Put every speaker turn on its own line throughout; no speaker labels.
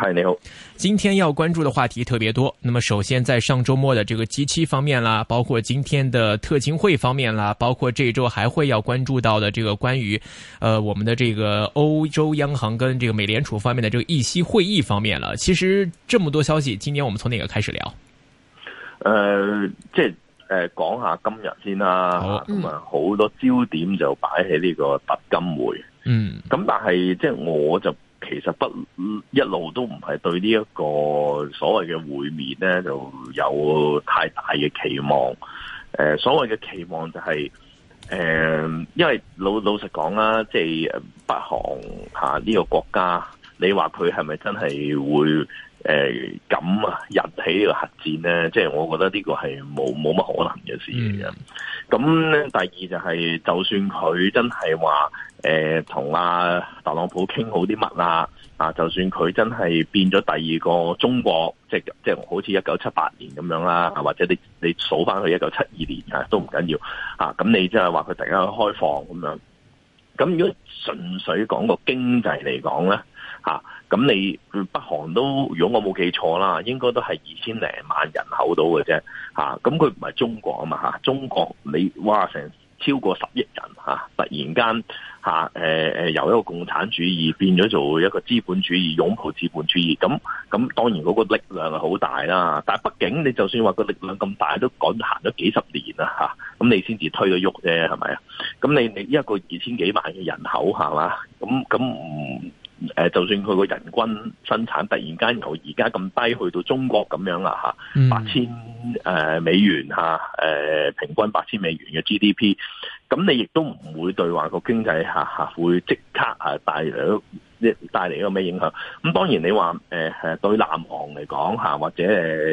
嗨，你好！今天要關注的話題特別多，那麼首先在上周末的這個 G7 方面啦，包括今天的特金會方面啦，包括這周還會要關注到的這個關於，呃，我們的這個歐洲央行跟這個美聯儲方面的這個議息會議方面了。其實這麼多消息，今天我們從哪個開始聊？
呃，即係誒，講、呃、下今日先啦，咁啊好、嗯、多焦點就擺喺呢個特金會，嗯，咁但係即係我就。其實不一路都唔係對呢一個所謂嘅會面咧就有太大嘅期望。誒、呃，所謂嘅期望就係、是、誒、呃，因為老老實講啦，即係北韓吓呢個國家，你話佢係咪真係會誒咁啊引起呢個核戰咧？即、就、係、是、我覺得呢個係冇冇乜可能嘅事嘅。咁咧，第二就係、欸，就算佢真係話，誒，同阿特朗普傾好啲乜啊，啊，就算佢真係變咗第二個中國，即係即係好似一九七八年咁樣啦，或者你你數翻去一九七二年啊，都唔緊要，咁你即係話佢突然間開放咁樣，咁如果純粹講個經濟嚟講咧，吓。咁你北韓都，如果我冇記錯啦，應該都係二千零萬人口到嘅啫，吓、啊，咁佢唔係中國啊嘛，吓、啊，中國你哇成超過十億人，吓、啊，突然間吓，誒、啊、誒、呃，由一個共產主義變咗做一個資本主義，擁抱資本主義，咁咁，當然嗰個力量係好大啦，但係畢竟你就算話個力量咁大，都趕行咗幾十年啦，吓，咁你先至推到喐啫，係咪啊？咁你你一個二千幾萬嘅人口，係嘛？咁咁唔。誒，就算佢個人均生產突然間由而家咁低去到中國咁樣啦嚇，
八千
誒美元嚇，誒平均八千美元嘅 GDP，咁你亦都唔會對話個經濟嚇嚇會即刻啊帶嚟帶嚟一個咩影響？咁當然你話、呃、對南韓嚟講，或者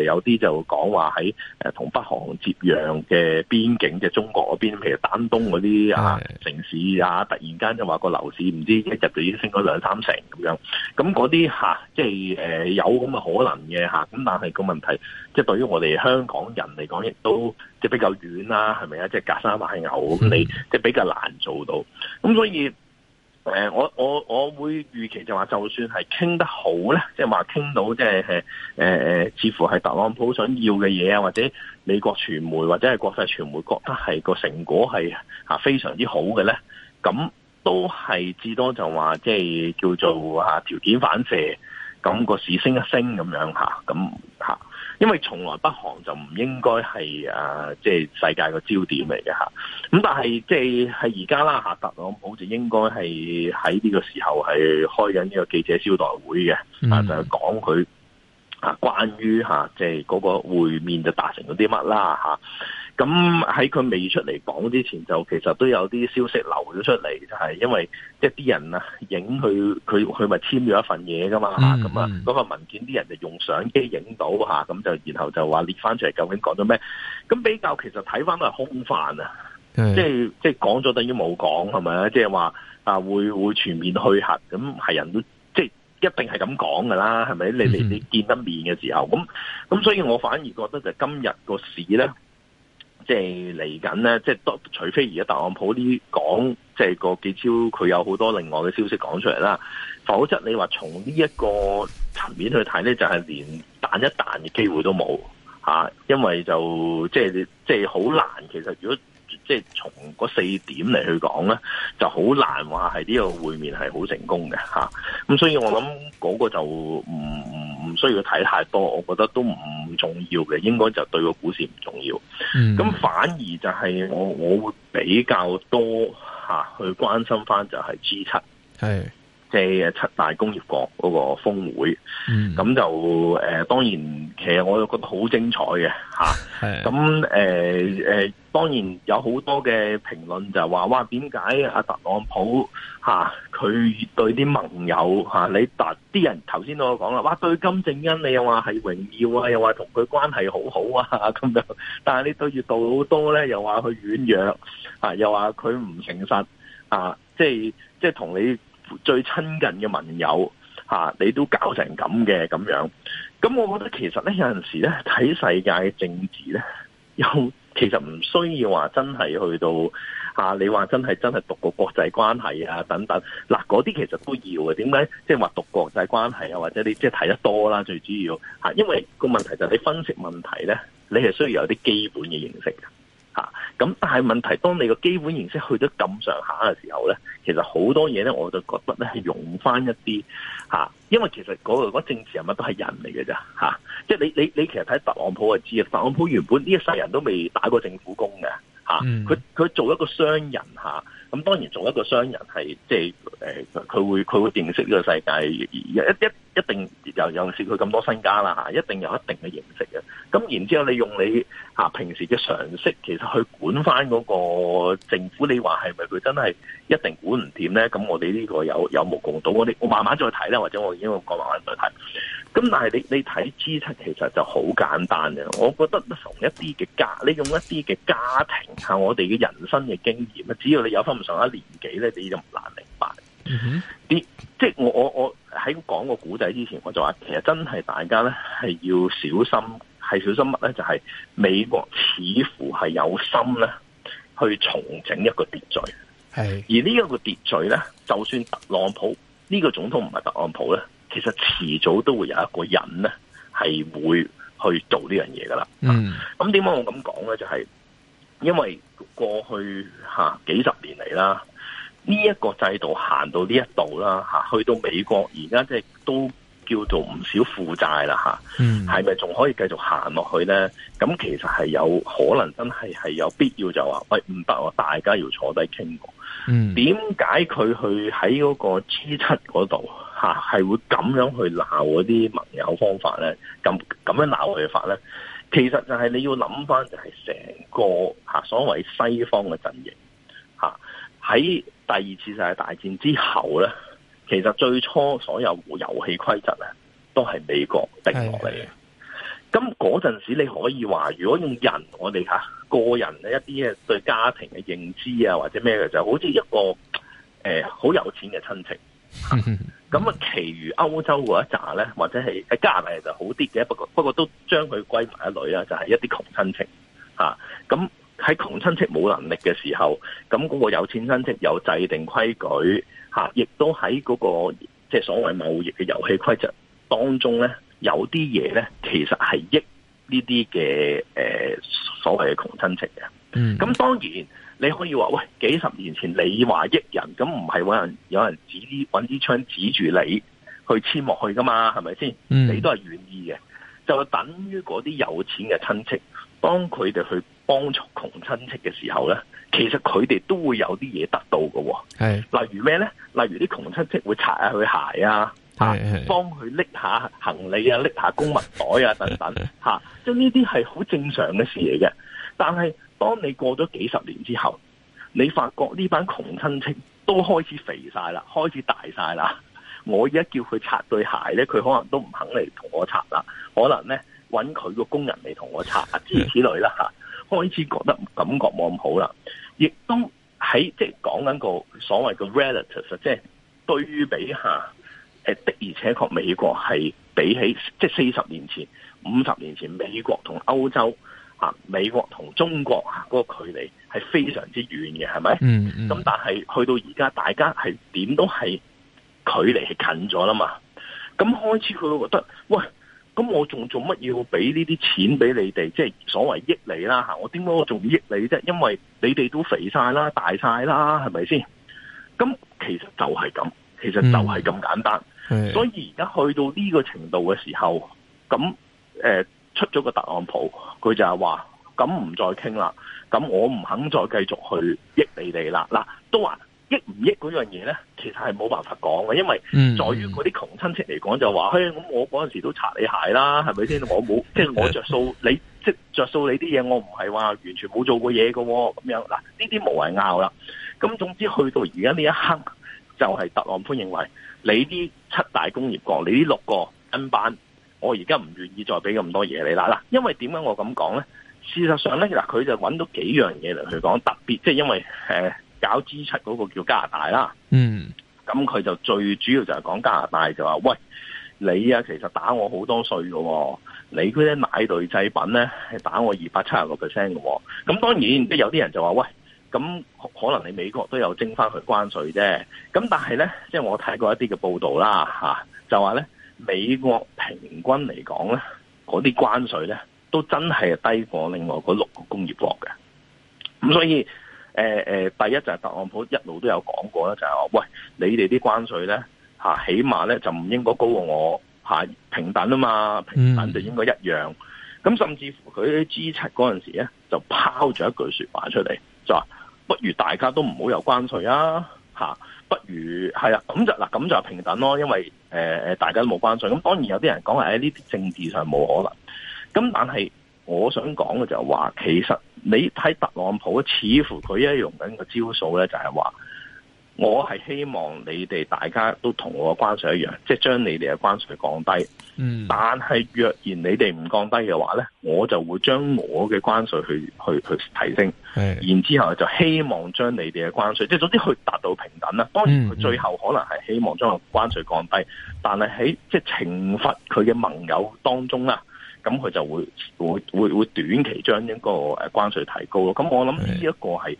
有啲就講話喺同北韓接壤嘅邊境嘅、即係、中國嗰邊，譬如丹東嗰啲啊城市啊，突然間就話個樓市唔知一日就已經升咗兩三成咁樣。咁嗰啲即係有咁嘅可能嘅，咁但係個問題，即、就、係、是、對於我哋香港人嚟講，亦都即係比較遠啦，係咪啊？即係、就是、隔山買牛咁，你即係比較難做到。咁所以。誒，我我我會預期就話，就算係傾得好咧，即係話傾到即係誒誒，似乎係特朗普想要嘅嘢啊，或者美國傳媒或者係國際傳媒覺得係個成果係啊非常之好嘅咧，咁都係至多就話即係叫做啊條件反射，咁個市升一升咁樣吓，咁吓。因為從來北韓就唔應該係即係世界個焦點嚟嘅嚇。咁但係即係係而家啦，哈特朗普好似應該係喺呢個時候係開緊呢個記者招待會嘅，啊就係講佢啊關於嚇即係嗰個會面就達成咗啲乜啦嚇咁喺佢未出嚟講之前，就其實都有啲消息流咗出嚟，就係、是、因為即係啲人啊影佢，佢佢咪簽咗一份嘢噶嘛，咁啊、嗯，嗰個文件啲人就用相機影到吓，咁就、嗯、然後就話列翻出嚟究竟講咗咩？咁比較其實睇翻都係空泛、就是、啊，即係即係講咗等於冇講，係咪啊？即係話啊會會全面去核，咁係人都即係、就是、一定係咁講噶啦，係咪？你你、嗯、你見得面嘅時候，咁咁所以我反而覺得就今日個市咧。嗯即係嚟緊咧，即係多除非而家特朗普呢講，即係個幾超佢有好多另外嘅消息講出嚟啦。否則你話從呢一個層面去睇咧，就係、是、連彈一彈嘅機會都冇、啊、因為就即係即係好難。其實如果即係從嗰四點嚟去講咧，就好難話係呢個會面係好成功嘅咁、啊、所以我諗嗰個就唔。唔需要睇太多，我覺得都唔重要嘅，應該就對個股市唔重要。咁反而就係我我會比較多吓去關心返就係 G7。七大工業國嗰個峯會，咁、嗯、就誒、呃、當然，其實我都覺得好精彩嘅咁誒誒，當然有好多嘅評論就係話，哇，點解阿特朗普嚇佢、啊、對啲盟友、啊、你啲、啊、人頭先都有講啦，哇，對金正恩你又話係榮耀啊，又話同佢關係好好啊咁就，但係你對住度好多咧，又話佢軟弱、啊、又話佢唔誠實啊，即係即係同你。最親近嘅盟友，吓、啊、你都搞成咁嘅咁樣，咁我覺得其實咧，有陣時咧睇世界政治咧，又其實唔需要話真係去到吓、啊、你話真係真係讀個國際關係啊等等，嗱嗰啲其實都要嘅，點解？即係話讀國際關係啊，或者你即係睇得多啦，最主要吓、啊，因為個問題就係你分析問題咧，你係需要有啲基本嘅認識咁但係問題，當你個基本形式去到咁上下嘅時候咧，其實好多嘢咧，我就覺得咧係用翻一啲吓，因為其實嗰、那個那個政治人物都係人嚟嘅咋吓，即係你你你其實睇特朗普就知嘅，特朗普原本呢一世人都未打過政府工嘅吓，佢、啊、佢做一個商人吓。啊咁當然做一個商人係即係呃，佢會佢會認識呢個世界，一一一定又有時佢咁多身家啦，一定有一定嘅認識嘅。咁然之後你用你啊平時嘅常識，其實去管翻嗰個政府，你話係咪佢真係一定管唔掂咧？咁我哋呢個有有目共睹，我哋我慢慢再睇咧，或者我已經我講慢慢再睇。咁但係你你睇支出其實就好簡單嘅，我覺得從一啲嘅家你用一啲嘅家庭，下我哋嘅人生嘅經驗啊，只要你有翻。上一年幾咧，你就唔難明白啲。Mm hmm. 即係我我我喺講個古仔之前，我就話其實真係大家咧，係要小心，係小心乜咧？就係、是、美國似乎係有心咧，去重整一個秩序。係、mm hmm. 而呢一個秩序咧，就算特朗普呢、呢個總統唔係特朗普咧，其實遲早都會有一個人咧，係會去做呢樣嘢噶啦。
嗯，
咁點解我咁講咧？就係、是。因為過去吓幾十年嚟啦，呢、這、一個制度行到呢一度啦，吓去到美國而家即係都叫做唔少負債啦，吓、嗯，係咪仲可以繼續行落去咧？咁其實係有可能真係係有必要就話，喂，唔得，我大家要坐低傾。
點
解佢去喺嗰個 G7 嗰度吓係會咁樣去鬧嗰啲盟友方法咧？咁咁樣鬧佢法咧？其實就係你要諗翻，就係成個吓所謂西方嘅陣營，吓喺第二次世界大戰之後咧，其實最初所有遊戲規則咧，都係美國定落嚟嘅。咁嗰陣時，你可以話，如果用人，我哋吓個人一啲嘢對家庭嘅認知啊，或者咩嘅，就好似一個誒好有錢嘅親戚。咁 啊，其餘歐洲嗰一扎咧，或者係喺加拿大就好啲嘅，不過不過都將佢歸埋一類啦，就係、是、一啲窮親戚吓。咁喺窮親戚冇能力嘅時候，咁嗰個有錢親戚有制定規矩吓，亦、啊、都喺嗰、那個即係、就是、所謂貿易嘅遊戲規則當中咧，有啲嘢咧，其實係益呢啲嘅誒，所謂嘅窮親戚嘅。嗯、 啊，咁當然。.你可以話喂，幾十年前你話益人咁唔係搵人，有人指搵支槍指住你去簽落去噶嘛？係咪先？嗯、你都係願意嘅，就等於嗰啲有錢嘅親戚，當佢哋去幫助窮親戚嘅時候咧，其實佢哋都會有啲嘢得到嘅、啊。係是，例如咩咧？例如啲窮親戚會擦下佢鞋啊，吓幫佢拎下行李啊，拎下公文袋啊等等，吓、 啊，即係呢啲係好正常嘅事嚟嘅。但係，當你過咗幾十年之後，你發覺呢班窮親戚都開始肥晒啦，開始大晒啦。我而家叫佢擦對鞋咧，佢可能都唔肯嚟同我擦啦，可能咧搵佢個工人嚟同我擦之如此類啦吓。開始覺得感覺冇咁好啦，亦都喺即係講緊個所謂嘅 relative，即係對比下誒的，而且確美國係比起即係四十年前、五十年前美國同歐洲。啊！美國同中國嗰個距離係非常之遠嘅，係咪？嗯，嗯嗯。咁但係去到而家，大家係點都係距離係近咗啦嘛。咁開始佢會覺得，喂，咁我仲做乜要俾呢啲錢俾你哋？即係所謂益你啦，吓我點解我仲益你啫？因為你哋都肥晒啦、大晒啦，係咪先？咁其實就係咁，其實就係咁簡單。嗯嗯。所以而家去到呢個程度嘅時候，咁誒。呃出咗個特朗普，佢就係話：咁唔再傾啦，咁我唔肯再繼續去益你哋啦。嗱，都話益唔益嗰樣嘢咧，其實係冇辦法講嘅，因為在於嗰啲窮親戚嚟講就話：嘿，咁我嗰陣時都擦你鞋啦，係咪先？我冇即係我着數，你即着著數你啲嘢，我唔係話完全冇做過嘢嘅。咁樣嗱，呢啲無謂拗啦。咁總之去到而家呢一刻，就係、是、特朗普認為你啲七大工業國，你呢六個 N 班。我而家唔願意再俾咁多嘢你啦，嗱，因為點解我咁講咧？事實上咧，嗱，佢就揾到幾樣嘢嚟去講，特別即係因為誒、啊、搞 G7 嗰個叫加拿大啦，嗯，咁佢就最主要就係講加拿大就話，喂，你啊，其實打我好多稅噶，你嗰啲奶類製品咧係打我二百七十六個 percent 噶，咁當然即有啲人就話，喂，咁可能你美國都有徵翻佢關稅啫，咁但係咧，即係我睇過一啲嘅報道啦，吓、啊、就話咧。美國平均嚟講咧，嗰啲關稅咧都真係低過另外嗰六個工業國嘅。咁所以，誒、呃、誒，第一就係特朗普一路都有講過咧，就係、是、話，喂，你哋啲關稅咧，吓、啊、起碼咧就唔應該高過我，吓、啊、平等啊嘛，平等就應該一樣。咁、嗯、甚至乎佢 G7 嗰陣時咧，就拋咗一句說話出嚟，就話不如大家都唔好有關稅啊，吓、啊、不如係啦咁就嗱，咁就平等咯，因為。誒誒，大家都冇關心，咁當然有啲人講係喺呢啲政治上冇可能，咁但係我想講嘅就係話，其實你睇特朗普，似乎佢一用緊個招數咧，就係話。我係希望你哋大家都同我嘅關稅一樣，即係將你哋嘅關稅降低。嗯，
但係
若然你哋唔降低嘅話咧，我就會將我嘅關稅去去去提升。是然之後就希望將你哋嘅關稅，即係總之去達到平等啦。當然佢最後可能係希望將個關稅降低，但係喺即係懲罰佢嘅盟友當中啦，咁佢就會會會會短期將呢個誒關稅提高咯。咁我諗呢一個係。是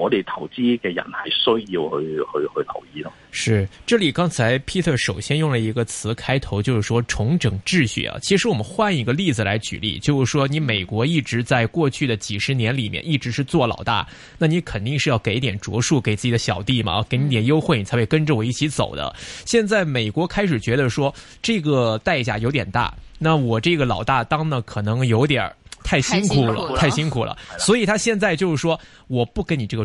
我哋投資嘅人係需要去去去留意咯。
是，這裏剛才 Peter 首先用了一個詞開頭，就是說重整秩序啊。其實我們換一個例子來舉例，就是說你美國一直在過去的幾十年裏面一直是做老大，那你肯定是要給一點着數，給自己的小弟嘛，給你點優惠，你才會跟着我一起走的。嗯、現在美國開始覺得說，這個代價有點大，那我這個老大當呢，可能有點太辛苦了，太辛苦了，啊、太辛苦了，的所以他現在就是說，我不跟你這個。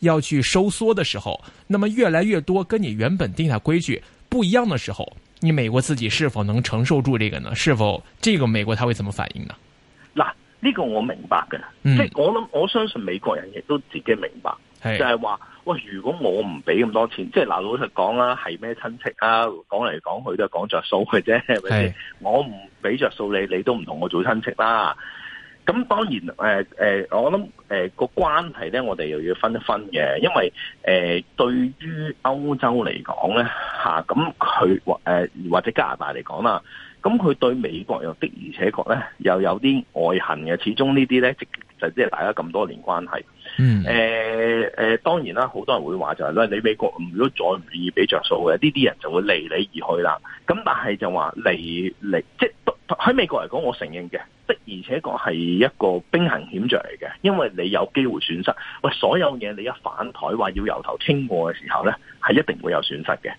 要去收縮的時候，那麼越來越多跟你原本定下規矩不一樣的時候，你美國自己是否能承受住這個呢？是否這個美國他會怎麼反應呢？
嗱，呢個我明白嘅，即係我諗我相信美國人亦都自己明白，就係、是、話，喂是，如果我唔俾咁多錢，即係嗱老實講啦，係咩親戚啊，講嚟講去都係講着數嘅啫，係咪先？我唔俾着數你，你都唔同我做親戚啦、啊。咁當然誒，我諗個關係咧，我哋又要分一分嘅，因為誒，對於歐洲嚟講咧，吓，咁佢或或者加拿大嚟講啦，咁佢對美國又的而且確咧，又有啲外行嘅，始終呢啲咧，就即係大家咁多年關係。嗯，誒誒、呃呃，當然啦，好多人會話就係咧，你美國如果再唔願意俾着數嘅，呢啲人就會離你而去啦。咁但係就話離離，即係喺美國嚟講，我承認嘅，的而且確係一個兵行險着嚟嘅，因為你有機會損失。喂，所有嘢你一反台話要由頭傾過嘅時候咧，係一定會有損失嘅。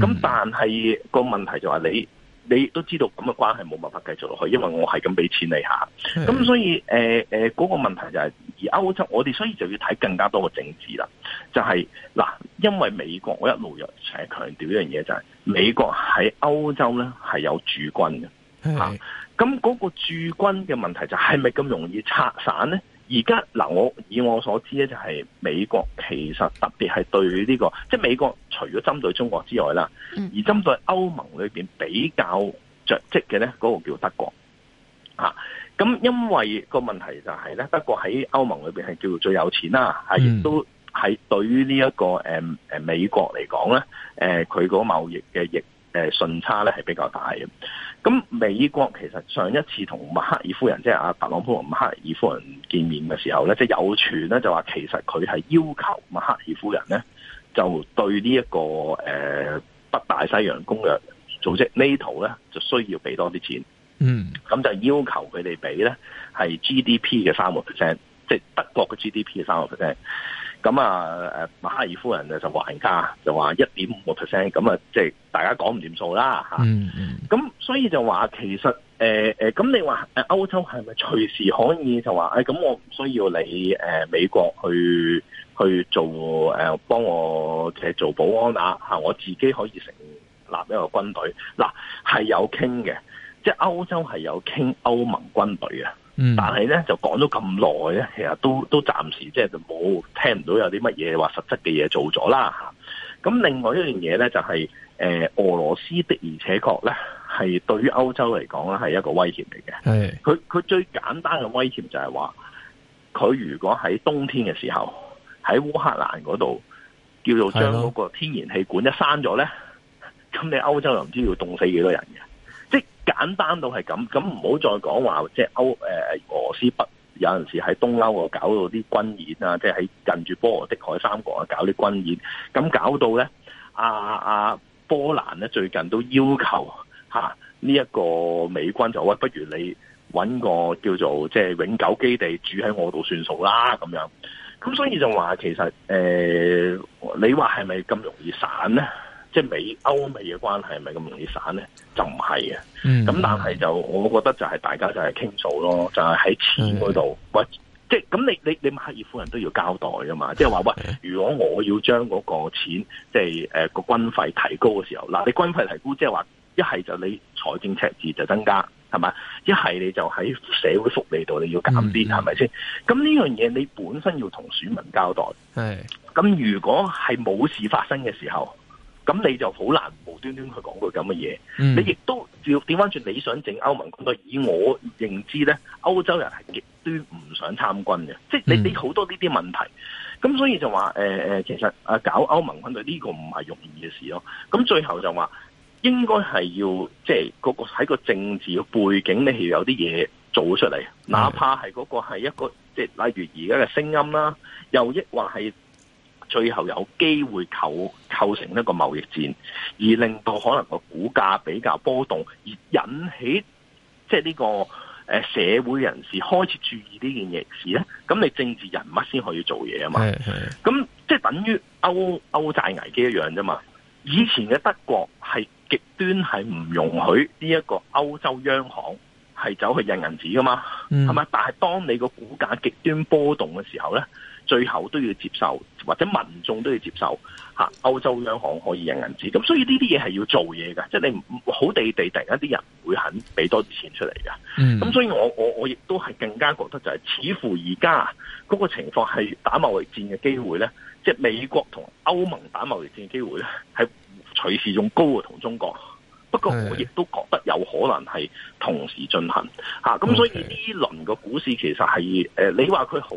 咁、嗯、但係個問題就係你。你都知道咁嘅關係冇辦法繼續落去，因為我係咁俾錢你吓，咁所以誒誒嗰個問題就係，而歐洲我哋所以就要睇更加多嘅政治啦，就係嗱，因為美國我一路又成日強調一樣嘢就係美國喺歐洲咧係有駐軍嘅嚇，咁嗰個駐軍嘅問題就係咪咁容易拆散咧？而家嗱，我以我所知咧，就係、是、美國其實特別係對呢、這個，即係美國除咗針對中國之外啦，而針對歐盟裏邊比較著跡嘅咧，嗰個叫德國。吓、啊，咁因為個問題就係咧，德國喺歐盟裏邊係叫做最有錢啦，亦、嗯、都係對於呢一個誒誒美國嚟講咧，誒佢嗰貿易嘅逆。誒順差咧係比較大嘅，咁美國其實上一次同默克爾夫人，即係阿特朗普同默克爾夫人見面嘅時候咧，即係有傳咧就話其實佢係要求默克爾夫人咧，就對呢一個誒北大西洋公約組織 NATO 咧就需要俾多啲錢，嗯，咁就要求佢哋俾咧係 GDP 嘅三個 percent，即係德國嘅 GDP 嘅三個 percent。咁啊，馬克爾夫人就還價，就話一點五個 percent，咁啊，即係大家講唔掂數啦
嚇、mm hmm.
咁所以就話其實咁、呃、你話歐洲係咪隨時可以就話咁、哎、我唔需要你、呃、美國去去做、呃、幫我誒做保安啊，我自己可以成立一個軍隊。嗱、啊、係有傾嘅，即係歐洲係有傾歐盟軍隊啊。嗯，但係咧就講咗咁耐咧，其實都都暫時即係就冇聽唔到有啲乜嘢話實質嘅嘢做咗啦。咁另外一樣嘢咧就係、是、誒、呃、俄羅斯的而且確咧係對於歐洲嚟講咧係一個威脅嚟
嘅。
佢佢的最簡單嘅威脅就係話，佢如果喺冬天嘅時候喺烏克蘭嗰度叫做將嗰個天然氣管一閂咗咧，咁的你歐洲就唔知要凍死幾多人嘅。即係簡單到係咁，咁唔好再講話即係歐誒俄羅斯北有陣時喺東歐啊搞到啲軍演啊，即係喺近住波羅的海三國啊搞啲軍演，咁搞到咧阿阿波蘭咧最近都要求吓呢一個美軍就喂，不如你搵個叫做即係永久基地住喺我度算數啦咁樣，咁所以就話其實誒、欸、你話係咪咁容易散咧？即係美歐美嘅關係，係咪咁容易散咧？就唔係嘅。咁、嗯、但係就，我覺得就係大家就係傾數咯，就係喺錢嗰度。的喂，即係咁，你你你馬爾夫人都要交代噶嘛？即係話喂，的如果我要將嗰個錢，即係誒個軍費提高嘅時候，嗱，你軍費提高，即係話一係就你財政赤字就增加，係咪？一係你就喺社會福利度你要減啲，係咪先？咁呢吧、嗯、樣嘢你本身要同選民交代。係咁的，如果係冇事發生嘅時候。咁你就好難無端端去講句咁嘅嘢，嗯、你亦都要點翻轉你想整歐盟軍隊，以我認知咧，歐洲人係極端唔想參軍嘅，嗯、即係你你好多呢啲問題，咁所以就話、呃、其實啊搞歐盟軍隊呢、呢個唔係容易嘅事咯，咁最後就話應該係要即係嗰個喺個政治嘅背景你係要有啲嘢做出嚟，嗯、哪怕係嗰個係一個即係例如而家嘅聲音啦，又抑或係。最後有機會構構成一個貿易戰，而令到可能個股價比較波動，而引起即係呢個誒社會人士開始注意呢件嘢事咧。咁你政治人物先可以做嘢啊嘛。咁是是 即係等於歐歐債危機一樣啫嘛。以前嘅德國係極端係唔容許呢一個歐洲央行係走去印銀紙噶嘛，係咪、嗯？但係當你個股價極端波動嘅時候咧。最後都要接受，或者民眾都要接受嚇、啊、歐洲央行可以印銀紙，咁所以呢啲嘢係要做嘢嘅，即、就、係、是、你唔好地地，突然一啲人會肯俾多啲錢出嚟嘅。咁、嗯、所以我我我亦都係更加覺得就係、是，似乎而家嗰個情況係打貿易戰嘅機會呢，即、就、係、是、美國同歐盟打貿易戰嘅機會呢，係隨時仲高過同中國。
不過我亦
都覺得有可能係同時進行嚇咁是的、啊、所以呢輪嘅股市其實係、呃、你話佢好。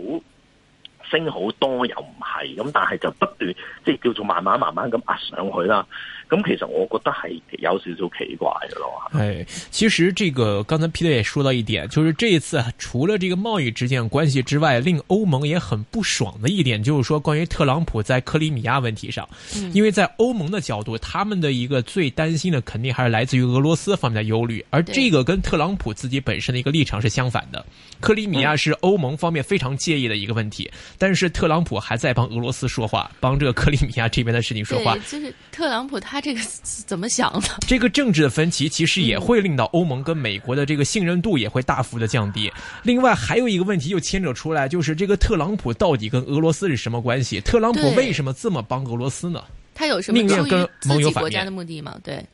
升好多又唔係咁，但係就不斷即係叫做慢慢慢慢咁壓上去啦。咁其實我覺得係有少少奇怪
嘅咯。誒，嗯，其實這個剛才 Peter 也說到一點，就是這一次除了這個貿易之間關係之外，令歐盟也很不爽嘅一點，就是說關於特朗普在克里米亞問題上，因為在歐盟的角度，他們的一個最擔心的肯定還是來自於俄羅斯方面的憂慮，而這個跟特朗普自己本身的一個立場是相反的。克里米亞是歐盟方面非常介意的一個問題，嗯、但是特朗普還在幫俄羅斯說話，幫這個克里米亞這邊的事情說話。對，就是特朗普他這個怎麼想的？這個政治的分歧其實也會令到歐盟跟美國的這個信任度也會大幅的降低。嗯、另外還有一個問題又牽扯出來，就是這個特朗普到底跟俄羅斯是什麼關係？特朗普為什麼這麼幫俄羅斯呢？他有什麼？寧願跟盟友反面的目的嗎？對。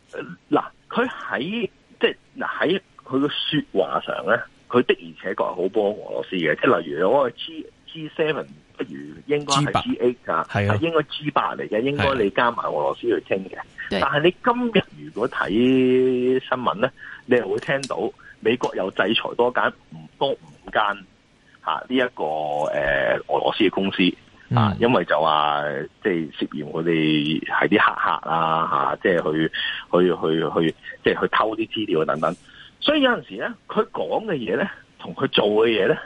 那、呃、他喺即係喺佢嘅說話上呢。佢的而且確係好幫俄羅斯嘅，即係例如我個 G G seven 不如應該係 G eight 啊，係應該 G 八嚟嘅，是的 應該你加埋俄羅斯去傾嘅。是的 但係你今日如果睇新聞咧，你係會聽到美國有制裁多間唔多五間嚇呢一個誒俄羅斯嘅公司啊，嗯、因為就話即係涉嫌我哋係啲黑客啊嚇，即係去去去去即係去，去，去，去偷啲資料等等。所以有陣時咧，佢講嘅嘢咧，同佢做嘅嘢咧，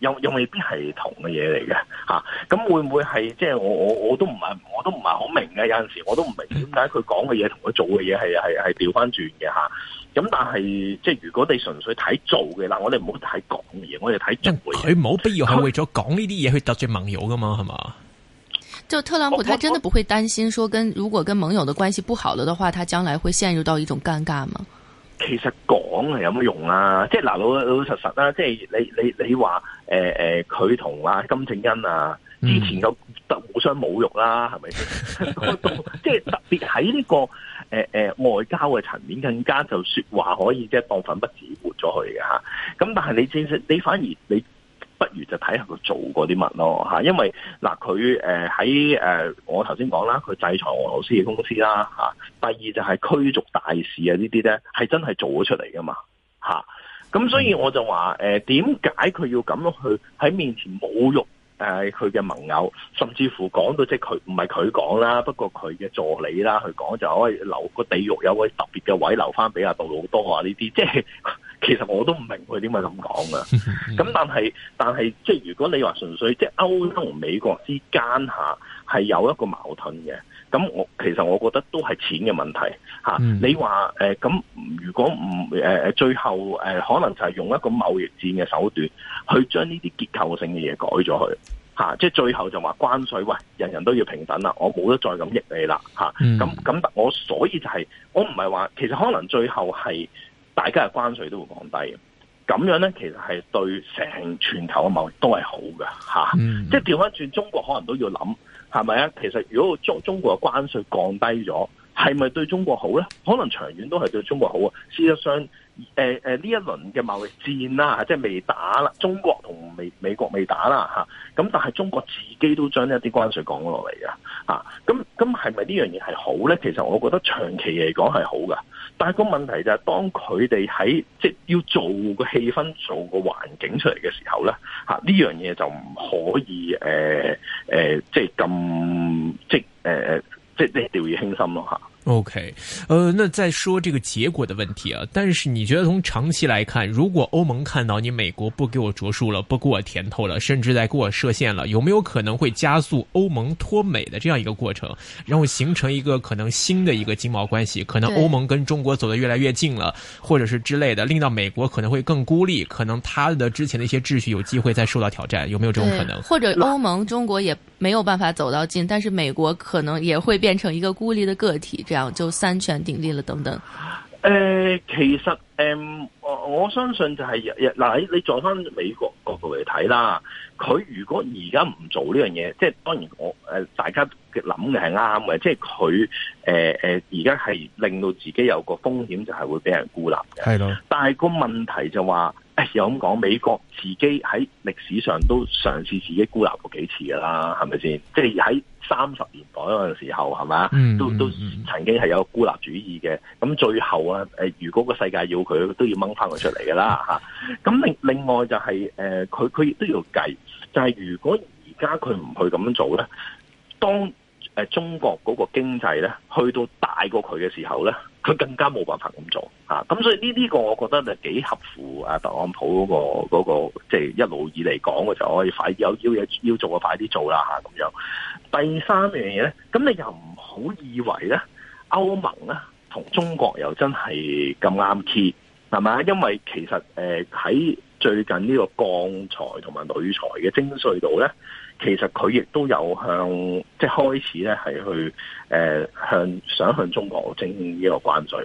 又又未必係同嘅嘢嚟嘅吓。咁、啊、會唔會係即係我我我都唔係我都唔係好明嘅？有陣時我都唔明點解佢講嘅嘢同佢做嘅嘢係係係調翻轉嘅吓。咁、啊、但係即係如果你純粹睇做嘅，嗱我哋唔好睇
講嘅嘢，我哋睇做嘅嘢。佢冇必要係為咗講呢啲嘢去得罪盟友噶嘛？係嘛？就特朗普，他真的不會擔心說跟，跟如果跟盟友嘅關係不好了的話，他將來會陷入到一種尷尬嗎？
其實講係有乜用啊？即係嗱，老老實實啦。即係你你你話誒誒，佢同啊金正恩啊之前有互相侮辱啦，係咪先？即係特別喺呢個誒誒外交嘅層面，更加就說話可以即係當粉筆字活咗去㗎。吓。咁但係你正式，你反而你。不如就睇下佢做過啲乜咯，因為嗱，佢喺誒我頭先講啦，佢制裁俄羅斯嘅公司啦，第二就係驅逐大使啊呢啲咧，係真係做咗出嚟㗎嘛。咁所以我就話點解佢要咁樣去喺面前侮辱誒佢嘅盟友，甚至乎講到即係佢唔係佢講啦，不過佢嘅助理啦去講就可以留個地獄有個特別嘅位留翻俾阿杜魯多啊呢啲，即係。其實我都唔明佢點解咁講噶，咁 但係但係即係如果你話純粹即係歐洲同美國之間吓係有一個矛盾嘅，咁我其實我覺得都係錢嘅問題吓。啊嗯、你話誒咁如果唔誒誒最後誒、呃、可能就係用一個貿易戰嘅手段去將呢啲結構性嘅嘢改咗佢吓，即、啊、係、就是、最後就話關稅喂，人人都要平等啦，我冇得再咁益你啦吓。咁、啊、咁、嗯、我所以就係、是、我唔係話其實可能最後係。大家嘅關稅都會降低，咁樣呢，其實係對成全球嘅貿易都係好嘅，吓、嗯啊，即係調翻轉，中國可能都要諗，係咪啊？其實如果中中國嘅關稅降低咗，係咪對中國好呢？可能長遠都係對中國好啊。事實上，誒、呃、誒，呢、呃、一輪嘅貿易戰啦、啊，即係未打啦，中國同美美國未打啦，吓、啊，咁但係中國自己都將一啲關稅降落嚟嘅。吓、啊，咁咁係咪呢樣嘢係好呢？其實我覺得長期嚟講係好嘅。但係個問題就係，當佢哋喺即係要做個氣氛、做個環境出嚟嘅時候咧，吓、啊、呢樣嘢就唔可以誒誒、呃呃，即係咁即係誒誒，即係、呃、掉以輕心咯吓。啊。
OK，呃，那再說這個結果的問題啊。但是你覺得從長期來看，如果歐盟看到你美國不給我着數了，不給我甜頭了，甚至在給我設限了，有沒有可能會加速歐盟脫美的這樣一個過程，然後形成一個可能新的一個經貿關係？可能歐盟跟中國走得越來越近了，對或者是之類的，令到美國可能會更孤立，可能他的之前的一些秩序有機會再受到挑戰，有沒有這種可能？或者歐盟、中國也沒有辦法走到近，但是美國可能也會變成一個孤立的個體，這樣。就三權鼎立啦，等等。
誒、呃，其實誒，我、呃、我相信就係、是，嗱，你你坐翻美國角度嚟睇啦，佢如果而家唔做呢樣嘢，即係當然我誒，大家嘅諗嘅係啱嘅，即係佢誒誒，而家係令到自己有個風險，就係會俾人孤立嘅，係
咯的。
但係個問題就話、是，又咁講，美國自己喺歷史上都嘗試自己孤立過幾次噶啦，係咪先？即係喺。三十年代嗰陣時候係嘛，都都曾經係有孤立主義嘅，咁最後啊誒，如果個世界要佢都要掹翻佢出嚟㗎啦嚇。咁另另外就係、是、誒，佢佢亦都要計，就係、是、如果而家佢唔去咁樣做咧，當。中國嗰個經濟咧，去到大過佢嘅時候咧，佢更加冇辦法咁做吓。咁所以呢呢個我覺得就幾合乎啊特朗普嗰個嗰個即係一路以嚟講嘅，就可以快啲有要嘢要做嘅快啲做啦吓咁樣。第三樣嘢咧，咁你又唔好以為咧歐盟咧同中國又真係咁啱 key 係咪？因為其實喺、呃、最近呢個鋼材同埋鋁材嘅徵稅度咧。其實佢亦都有向，即係開始咧，係、呃、去向想向中國徵呢個關稅。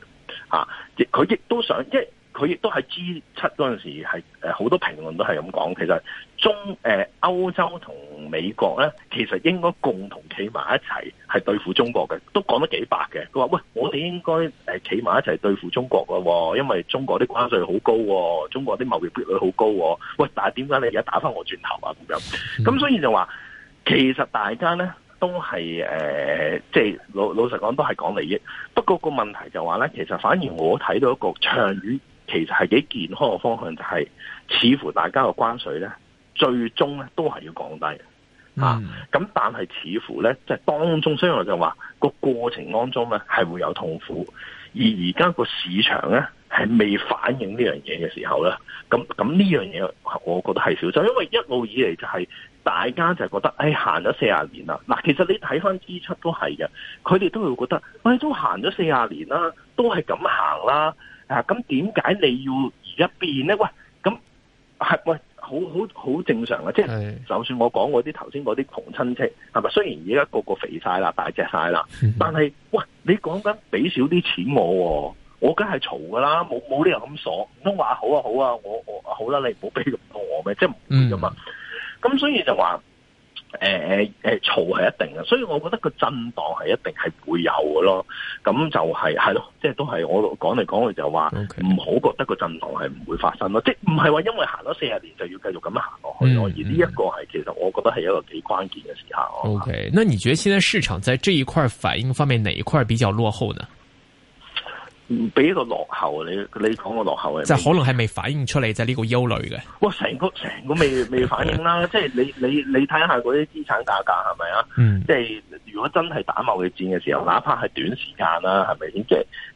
吓，亦佢亦都想即係佢亦都係 G 七嗰陣時係好多評論都係咁講，其實中誒、呃、歐洲同美國咧，其實應該共同企埋一齊係對付中國嘅，都講得幾白嘅。佢話：喂，我哋應該誒企埋一齊對付中國喎、哦，因為中國啲關稅好高、哦，中國啲貿易比率好高、哦。喂，但係點解你而家打翻我轉頭啊？咁樣咁，所以就話其實大家咧都係即係老老實講都係講利益。不過個問題就話咧，其實反而我睇到一個長遠。其實係幾健康嘅方向，就是，就係似乎大家嘅關稅咧，最終咧都係要降低啊！咁、mm. 但係似乎咧，即、就、係、是、當中雖然我就話個過程當中咧係會有痛苦，而而家個市場咧係未反映呢樣嘢嘅時候咧，咁咁呢樣嘢我覺得係少就因為一路以嚟就係、是、大家就係覺得誒行咗四十年啦，嗱其實你睇翻支出都係嘅，佢哋都會覺得喂、哎，都行咗四十年啦，都係咁行啦。咁點解你要而家變咧？喂，咁係喂，好好好正常啊。即係就算我講嗰啲頭先嗰啲窮親戚係咪？雖然而家個個肥曬啦，大隻曬啦，但係喂，你講緊俾少啲錢我，我梗係嘈噶啦，冇冇理由咁傻。唔通話好啊好啊，我我好啦、啊，你唔好俾咁多我咩？即係唔會㗎嘛。咁、嗯、所以就話。誒誒誒，嘈係、呃呃、一定嘅，所以我覺得個震盪係一定係會有嘅咯。咁就係係咯，即係都係我講嚟講去就話，唔 Okay. 好覺得個震盪係唔會發生咯。即係唔係話因為行咗四十年就要繼續咁樣行落去咯。嗯、而呢一個係其實我覺得係一個幾關鍵嘅時刻、啊。OK，
那你覺得現在市場在這一塊反應方面，哪一塊比較落後呢？
唔俾一個落後，你你講個落後係，就可
能係未反映出嚟，就係、是、呢個憂慮嘅。哇！
成個成個未未反映啦，即係你你你睇下嗰啲資產價格係咪啊？嗯，即係。如果真係打貿易戰嘅時候，哪怕係短時間啦，係咪先？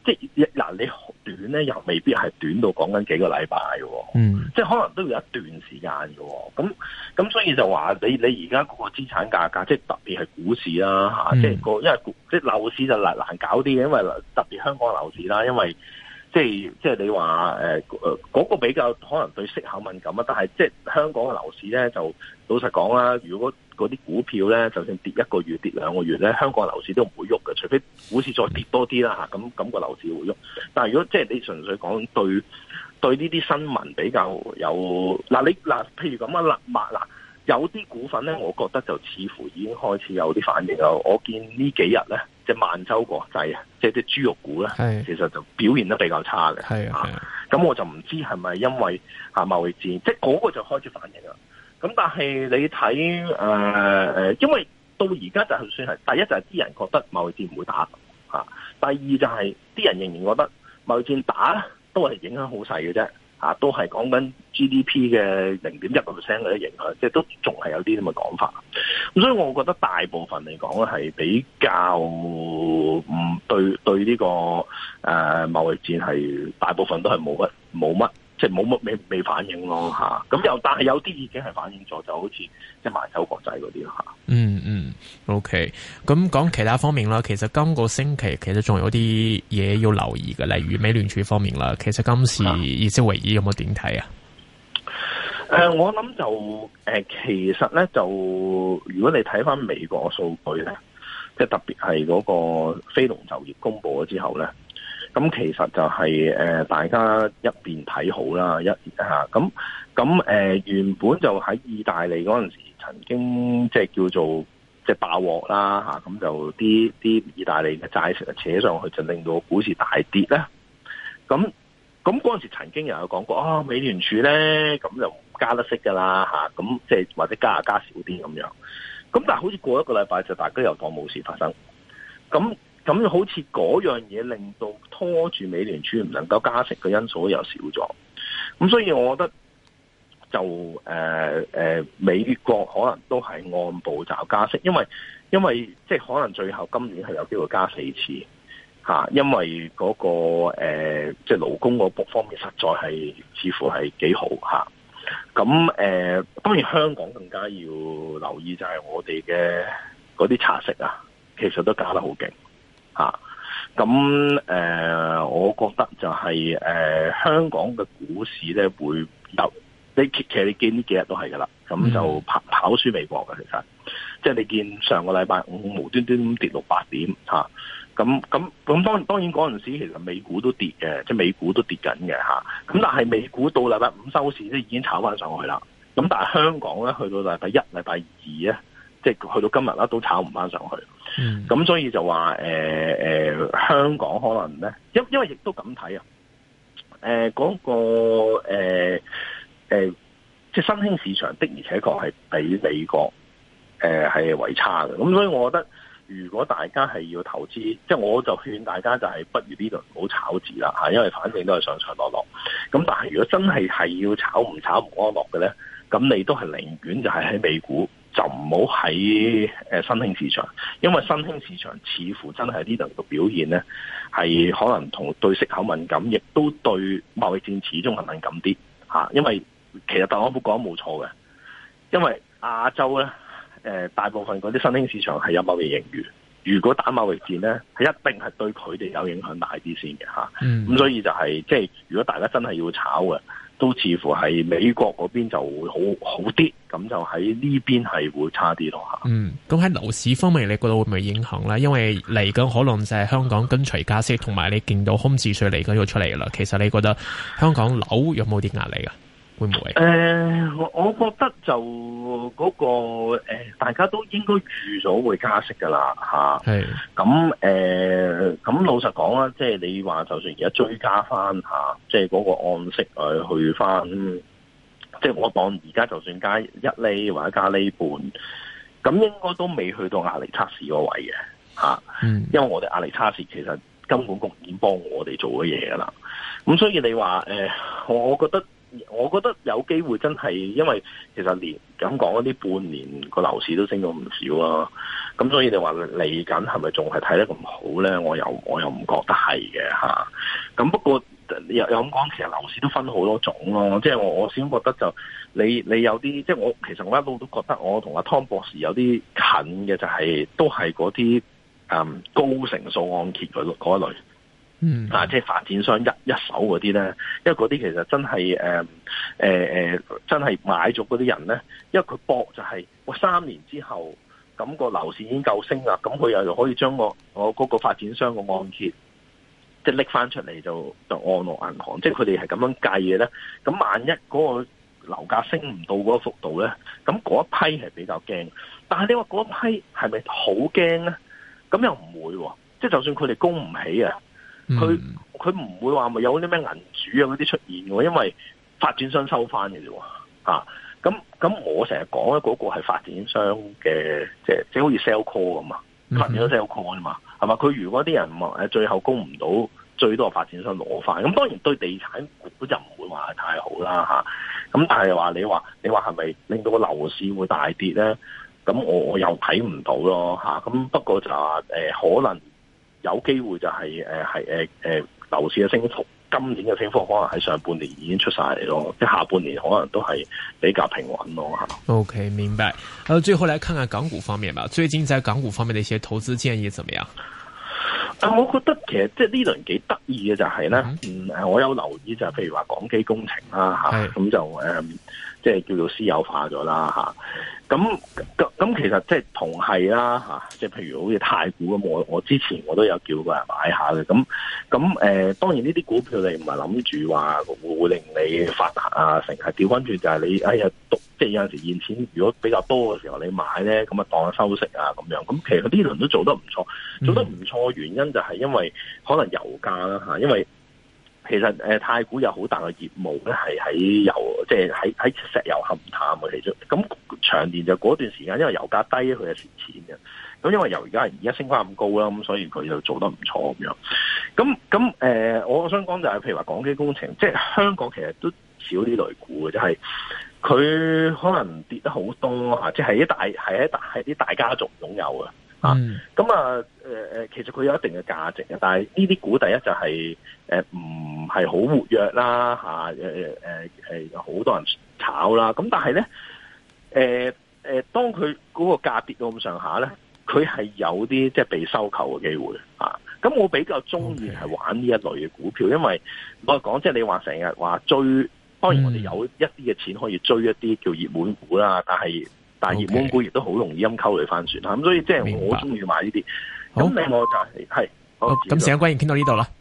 即係即係嗱，你短咧又未必係短到講緊幾個禮拜嘅，嗯，即係可能都要一段時間嘅。咁咁所以就話你你而家嗰個資產價格，即係特別係股市啦，啊嗯，即係個因為即係樓市就難，難搞啲嘅，因為特別香港樓市啦，因為。即係即係你話誒誒嗰個比較可能對息口敏感啊，但係即係香港嘅樓市咧就老實講啦。如果嗰啲股票咧，就算跌一個月跌兩個月咧，香港嘅樓市都唔會喐嘅，除非股市再跌多啲啦嚇。咁、啊、咁、個樓市會喐。但係如果即係你純粹講對對呢啲新聞比較有嗱你嗱譬如咁啊立物嗱有啲股份咧，我覺得就似乎已經開始有啲反應啦。我見呢幾日咧。即係萬洲國際啊，即係啲豬肉股咧，的其實就表現得比較差嘅。係的啊，咁的我就唔知係咪因為啊，貿易戰，即係嗰個就開始反應啦。咁但係你睇誒誒，因為到而家就係算係，第一就係啲人覺得貿易戰唔會打嚇，啊，第二就係啲人仍然覺得貿易戰打都係影響好細嘅啫。啊，都係講緊 GDP 嘅零點一個 percent 嘅啲影響，即係都仲係有啲咁嘅講法。咁所以我覺得大部分嚟講咧，係比較唔對對呢個，誒、呃、貿易戰係大部分都係冇乜冇乜。即係冇乜未未反應咯，吓，咁又但係有啲已經係反應咗，就好似即係賣手國際嗰啲咯。嗯嗯
，OK。咁講其他方面啦，其實今個星期其實仲有啲嘢要留意嘅，例如美聯儲方面啦。其實今次議息維持有冇點睇啊？呃、
我諗就、呃、其實咧就如果你睇翻美國數據咧，即係特別係嗰個非農就業公布咗之後咧。咁其實就係誒大家一邊睇好啦，一嚇咁咁誒原本就喺意大利嗰陣時曾經即係、就是、叫做即係、就是、爆鑊啦咁、啊、就啲啲意大利嘅債息扯上去就令到股市大跌啦。咁咁嗰陣時曾經又有講過啊、哦，美聯儲咧咁就加得息噶啦咁即係或者加下加少啲咁樣。咁但係好似過一個禮拜就大家又當冇事發生咁。咁好似嗰樣嘢令到拖住美聯儲唔能夠加息嘅因素又少咗，咁所以我覺得就誒誒、呃呃、美國可能都係按步驟加息因，因為因為即係可能最後今年係有機會加四次，因為嗰、那個即係、呃就是、勞工嗰方面實在係似乎係幾好。咁誒當然香港更加要留意就係我哋嘅嗰啲拆息啊，其實都加得好勁。咁誒，我覺得就係誒，香港嘅股市咧會有，你其實你見呢幾日都係噶啦，咁就跑跑輸美國嘅其實，即係你見上個禮拜五無端端咁跌六八點吓，咁咁咁，當然當然嗰陣時其實美股都跌嘅，即係美股都跌緊嘅吓，咁但係美股到禮拜五收市即已經炒翻上去啦，咁但係香港咧去到禮拜一、禮拜二咧。即係去到今日啦，都炒唔返上去。咁、嗯、所以就話誒誒，香港可能咧，因因為亦都咁睇啊。誒、呃，嗰、那個誒誒、呃呃，即係新興市場的而且確係比美國誒係、呃、為差嘅。咁所以我覺得，如果大家係要投資，即、就、係、是、我就勸大家就係不如呢度唔好炒字啦吓，因為反正都係上上落落。咁但係如果真係係要炒，不炒不，唔炒唔安樂嘅咧，咁你都係寧願就係喺美股。就唔好喺新興市場，因為新興市場似乎真係呢度嘅表現咧，係可能同對息口敏感，亦都對貿易戰始終係敏感啲吓。因為其實大家都講得冇錯嘅，因為亞洲咧大部分嗰啲新興市場係有貿易盈餘，如果打貿易戰咧，係一定係對佢哋有影響大啲先嘅吓。咁、嗯、所以就係、是、即係，如果大家真係要炒嘅。都似乎係美國嗰邊就會好好啲，咁就喺呢邊係會差啲咯吓。嗯，
咁喺樓市方面，你覺得會唔會影響咧？因為嚟緊可能就係香港跟隨加息，同埋你見到空置稅嚟緊要出嚟啦。其實你覺得香港樓有冇啲壓力呀？誒，
我、呃、我覺得就嗰、那個誒、呃，大家都應該預咗會加息噶啦，吓、啊。係是、嗯。咁、嗯、誒，咁老實講啦，即係你話，就算而家追加翻吓、啊，即係嗰個按息誒去翻，即係我當而家就算加一厘或者加呢半，咁應該都未去到壓力測試個位嘅吓。啊嗯、因為我哋壓力測試其實金管局已經幫我哋做咗嘢噶啦。咁、啊、所以你話誒，我、呃、我覺得。我覺得有機會真係，因為其實連咁講嗰啲半年個樓市都升咗唔少啊，咁所以你話嚟緊係咪仲係睇得咁好咧？我又我又唔覺得係嘅嚇。咁、啊、不過又又咁講，其實樓市都分好多種咯、啊。即、就、係、是、我我先覺得就你你有啲，即、就、係、是、我其實我一路都覺得我同阿湯博士有啲近嘅、就是，就係都係嗰啲高成數按揭嗰一類。嗯，啊，即係發展商一一手嗰啲咧，因為嗰啲其實真係誒誒誒，真係買咗嗰啲人咧，因為佢搏就係，哇三年之後，咁個樓市已經夠升啦，咁佢又可以將我嗰個發展商個按揭，即係拎翻出嚟就就按落銀行，即係佢哋係咁樣計嘅咧。咁萬一嗰個樓價升唔到嗰個幅度咧，咁嗰一批係比較驚。但係你話嗰一批係咪好驚咧？咁又唔會啊，即係就算佢哋供唔起啊，佢佢唔會話咪有啲咩銀主啊嗰啲出現嘅，因為發展商收翻嘅啫喎，吓，咁咁我成日講咧，嗰個係發展商嘅，即係即係好似 sell call 咁嘛，發展商 sell call 啫嘛，係嘛、mm？佢、hmm. 如果啲人唔誒最後供唔到，最多發展商攞翻，咁當然對地產股就唔會話太好啦吓。咁、啊、但係話你話你話係咪令到個樓市會大跌咧？咁我我又睇唔到咯吓。咁、啊、不過就話誒、呃、可能。有機會就係、是、誒，係誒誒，樓、呃呃呃、市嘅升幅，今年嘅升幅可能喺上半年已經出晒嚟咯，即係下半年可能都係比
較平穩咯吓。OK，明白。誒、呃，最後嚟看看港股方面吧，最近在港股方面嘅一些投資建議怎麼樣？
啊，我覺得其實即係呢輪幾得意嘅就係、是、咧，嗯誒、嗯，我有留意就係、是、譬如話港機工程啦吓，咁、啊、是就誒。嗯即係叫做私有化咗啦嚇，咁、啊、咁其實即係同係啦嚇，即係譬如好似太古咁，我我之前我都有叫過人買下嘅，咁咁誒當然呢啲股票你唔係諗住話會令你發達啊，成日掉返轉就係你哎呀，即係有時現錢如果比較多嘅時候你買咧，咁啊當收息啊咁樣，咁、啊、其實呢輪都做得唔錯，做得唔錯嘅原因就係因為可能油價啦嚇、啊，因為。其實誒、呃，太古有好大嘅業務咧，係喺油，即係喺喺石油勘探嘅其中。咁長年就嗰段時間，因為油價低，佢係蝕錢嘅。咁因為油而家而家升翻咁高啦，咁所以佢就做得唔錯咁樣。咁咁誒，我想講就係、是，譬如話港機工程，即、就、係、是、香港其實都少啲類股嘅，就係、是、佢可能跌得好多吓，即係一大係一係啲大家族擁有嘅。咁啊，誒誒、嗯呃，其實佢有一定嘅價值嘅，但係呢啲股第一就係誒唔係好活躍啦，吓、啊，誒誒誒係好多人炒啦，咁但係咧，誒、呃、誒、呃，當佢嗰個價跌到咁上下咧，佢係有啲即係被收購嘅機會啊！咁我比較中意係玩呢一類嘅股票，Okay. 因為我講即係你話成日話追，當然我哋有一啲嘅錢可以追一啲叫熱門股啦，但係。大熱門股亦都好容易陰溝嚟翻船，咁 Okay. 所以即係我中意買呢啲。咁白你我就係係好咁，好時間
關係傾到呢度啦。